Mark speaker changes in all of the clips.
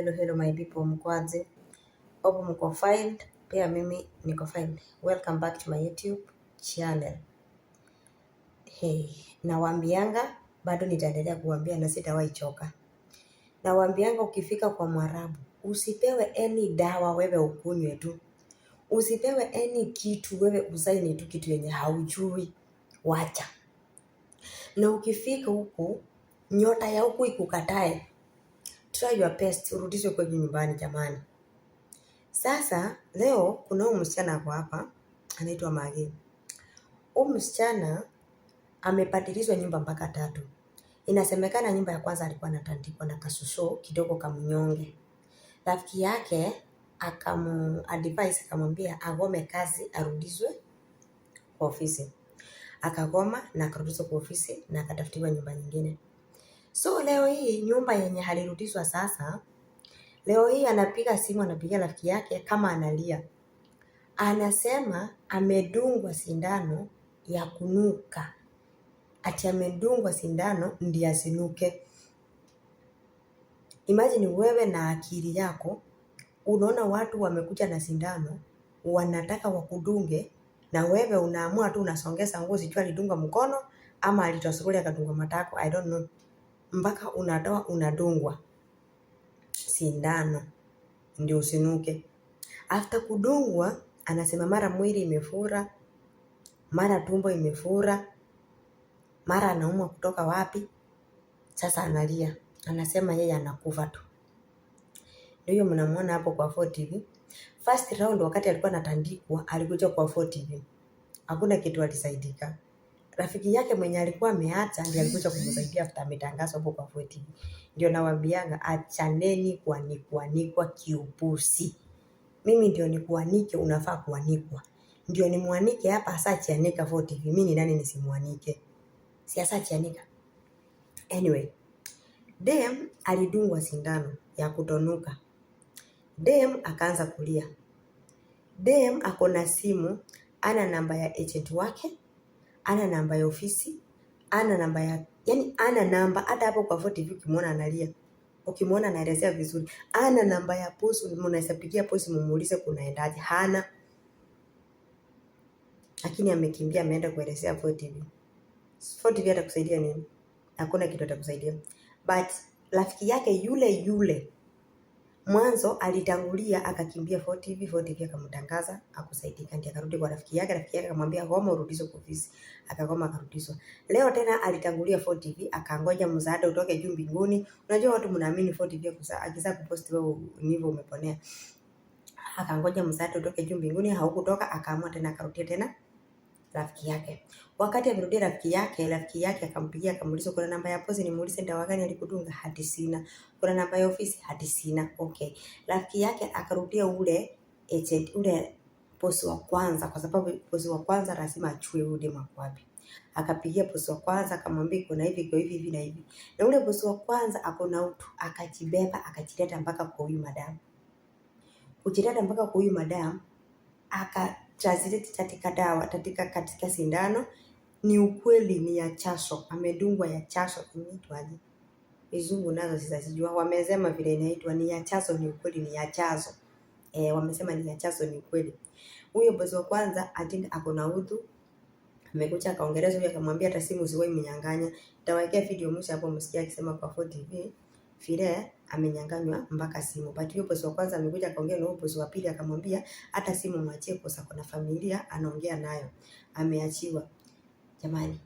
Speaker 1: hello hello my people, mkwaje? Hope mko fine, pia mimi niko fine. Welcome back to my YouTube channel. Hey, nawaambianga bado nitaendelea kuambia na sitawahi choka. Nawaambianga ukifika kwa Mwarabu usipewe any dawa wewe ukunywe tu, usipewe any kitu wewe usaini tu kitu yenye haujui, wacha. Na ukifika huku nyota ya huku ikukatae try your best urudishwe kwenye nyumbani jamani. Sasa leo kuna huyu msichana ako hapa anaitwa Magi. Huyu msichana amepatilizwa nyumba mpaka tatu. Inasemekana nyumba ya kwanza alikuwa anatandikwa na kasuso kidogo kamnyonge. Rafiki yake akamu advise akamwambia agome kazi arudizwe kwa ofisi. Akagoma na akarudishwa kwa ofisi na akatafutiwa nyumba nyingine. So leo hii nyumba yenye halirudishwa sasa, leo hii anapiga simu, anapiga rafiki yake kama analia, anasema amedungwa sindano ya kunuka, ati amedungwa sindano ndiye asinuke. Imagine wewe na akili yako unaona watu wamekuja na sindano wanataka wakudunge, na wewe unaamua tu unasongeza nguo, sijui alidunga mkono ama alitosuruli akadunga matako, I don't know mpaka unatoa unadungwa sindano ndio usinuke. After kudungwa, anasema mara mwili imefura, mara tumbo imefura, mara anaumwa kutoka wapi. Sasa analia, anasema yeye anakufa tu. Ndio mnamwona hapo kwa 4TV. First round wakati alikuwa anatandikwa alikuja kwa 4TV, hakuna kitu alisaidika rafiki yake mwenye alikuwa ameacha ndiye alikuja kumsaidia after ametangazwa hapo kwa voti. Ndio nawaambianga achaneni kuanikwanikwa kiupusi. Mimi ndio nikuanike, unafaa kuanikwa. Ndio nimwanike hapa hasa chianika voti Mimi ni nani nisimwanike? Si hasa chianika. Anyway, dem alidungwa sindano ya kutonuka. Dem akaanza kulia. Dem ako na simu, ana namba ya agent wake ana namba ya ofisi, ana namba ya yani, ana namba hata hapo kwa Voo TV ukimwona analia, ukimwona anaelezea vizuri, ana namba ya posi, mnaweza pigia posi mumuulize kunaendaje. Hana, lakini amekimbia, ameenda kuelezea Voo hivi. Voo TV atakusaidia nini? Hakuna kitu atakusaidia, but rafiki yake yule yule Mwanzo alitangulia akakimbia Fort TV, Fort TV akamtangaza akusaidika, ndiye akarudi kwa rafiki yake, rafiki yake akamwambia goma urudizwe kwa ofisi, akagoma akarudizwa. Leo tena alitangulia Fort TV akangoja msaada utoke juu mbinguni. Unajua watu mnaamini Fort TV akizaa kupost wewe nivyo umeponea. Akangoja msaada utoke juu mbinguni, haukutoka, akaamua tena akarudia tena rafiki yake. Wakati amerudia rafiki yake, rafiki yake akampigia akamuuliza kuna namba ya posi ni muulize dawa gani alikudunga hadi sina. Kuna namba ya ofisi hadi sina. Okay. Rafiki yake akarudia ule agent ule posi wa kwanza kwa sababu posi wa kwanza lazima achue ule mwako Akapigia posi wa kwanza akamwambia kuna hivi kwa hivi hivi na hivi. Na ule posi wa kwanza ako na utu akajibeba akajileta mpaka kwa huyu madam. Kujileta mpaka kwa huyu madam aka translate katika dawa katika katika sindano ni ukweli ni ya chaso amedungwa ya chaso inaitwaje? Izungu nazo sizazijua. Wamesema vile inaitwa ni ya chaso, ni ukweli ni ya chaso. E, eh, wamesema ni ya chaso, ni ukweli. Huyo bosi wa kwanza atinda ako na udhu amekuja akaongeleza huyo, akamwambia hata simu ziwe mnyang'anya. Nitawekea video mwisho hapo msikia akisema kwa 4 TV vile amenyang'anywa mpaka simu. But yule bosi wa kwanza amekuja akaongea na yule bosi wa pili akamwambia hata simu mwachie, kwa sababu kuna familia anaongea nayo, ameachiwa. Jamani,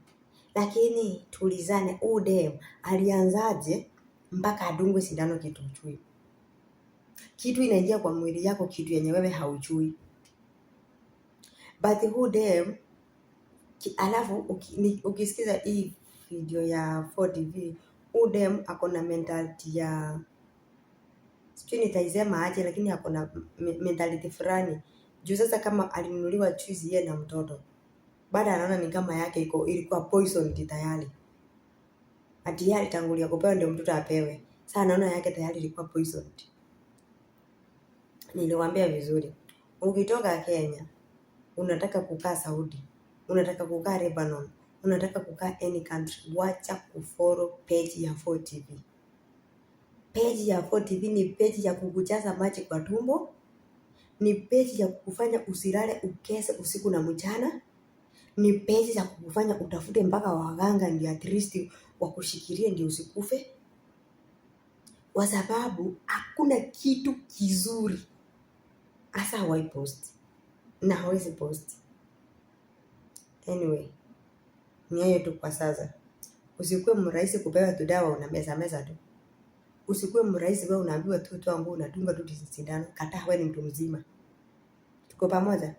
Speaker 1: lakini tulizane huyu dem alianzaje mpaka adungwe sindano kitu mchui. Kitu inaingia kwa mwili yako, kitu yenye wewe haujui. But huyu dem alafu ukisikiza hii video ya 4TV udem ako na mentality ya sijui nitaisema aje, lakini ako na mentality fulani juu sasa kama alinunuliwa juzi yeye na mtoto baada anaona ni kama yake iko ilikuwa poisoned tayari ati yeye alitangulia kupewa ndio mtoto apewe. Sasa anaona yake tayari ilikuwa poisoned. Niliwaambia vizuri, ukitoka Kenya unataka kukaa Saudi, unataka kukaa Lebanon, unataka kukaa any country, wacha kufollow page ya 4TV. Peji ya 4TV ni peji ya kukujaza maji kwa tumbo, ni peji ya kukufanya usilale ukese usiku na mchana, ni peji ya kukufanya utafute mpaka waganga ndio at least wakushikilie ndio usikufe, kwa sababu hakuna kitu kizuri hasa hawai post na hawezi post. Anyway, ni hayo tu kwa sasa. Usikuwe mrahisi kupewa tu dawa una meza meza tu. Usikuwe mrahisi wewe unaambiwa tu tu unadunga tu sindano. kata wewe ni mtu mzima. Tuko pamoja?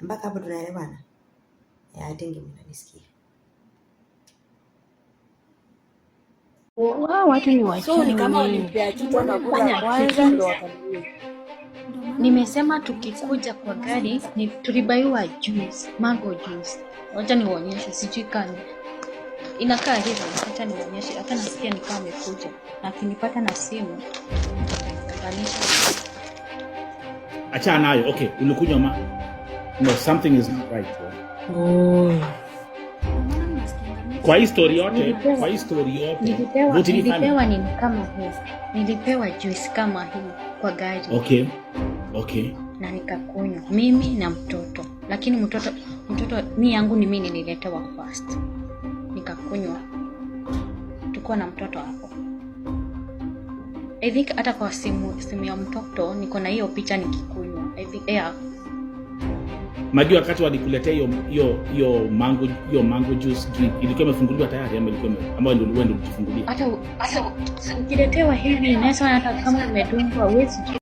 Speaker 1: Mpaka hapo tunaelewana? Ya tingi mnanisikia.
Speaker 2: Wow, watu ni wachuni.
Speaker 3: Kama ulimpea kitu anakula
Speaker 2: kwanza Nimesema tukikuja kwa gari ni tulibaiwa juice, mango juice. Wacha niwaonyeshe sijui kani Inakaa hivyo, hata nionyeshe, hata nasikia nikawa amekuja na akinipata na simu nitakanisha.
Speaker 4: Acha nayo. Okay, ulikunywa ma. No, something is not right. Oh. Kwa history yote, kwa history yote.
Speaker 2: Nilipewa, nilipewa nini kama hii? Nilipewa juice kama hii kwa gari.
Speaker 4: Okay. Okay.
Speaker 2: Na nikakunywa mimi na mtoto, lakini mtoto mtoto mimi yangu ni mimi nililetewa first kunywa tukiwa na mtoto hapo. I think hata kwa simu, simu ya mtoto niko na hiyo picha nikikunywa. I think yeah.
Speaker 4: Najua wakati walikuletea hiyo hiyo hiyo mango hiyo mango juice drink ilikuwa imefunguliwa tayari ama ilikuwa ama ndio ndio ulijifungulia?
Speaker 2: Hata hata ukiletewa hivi inaweza hata kama imedungwa huwezi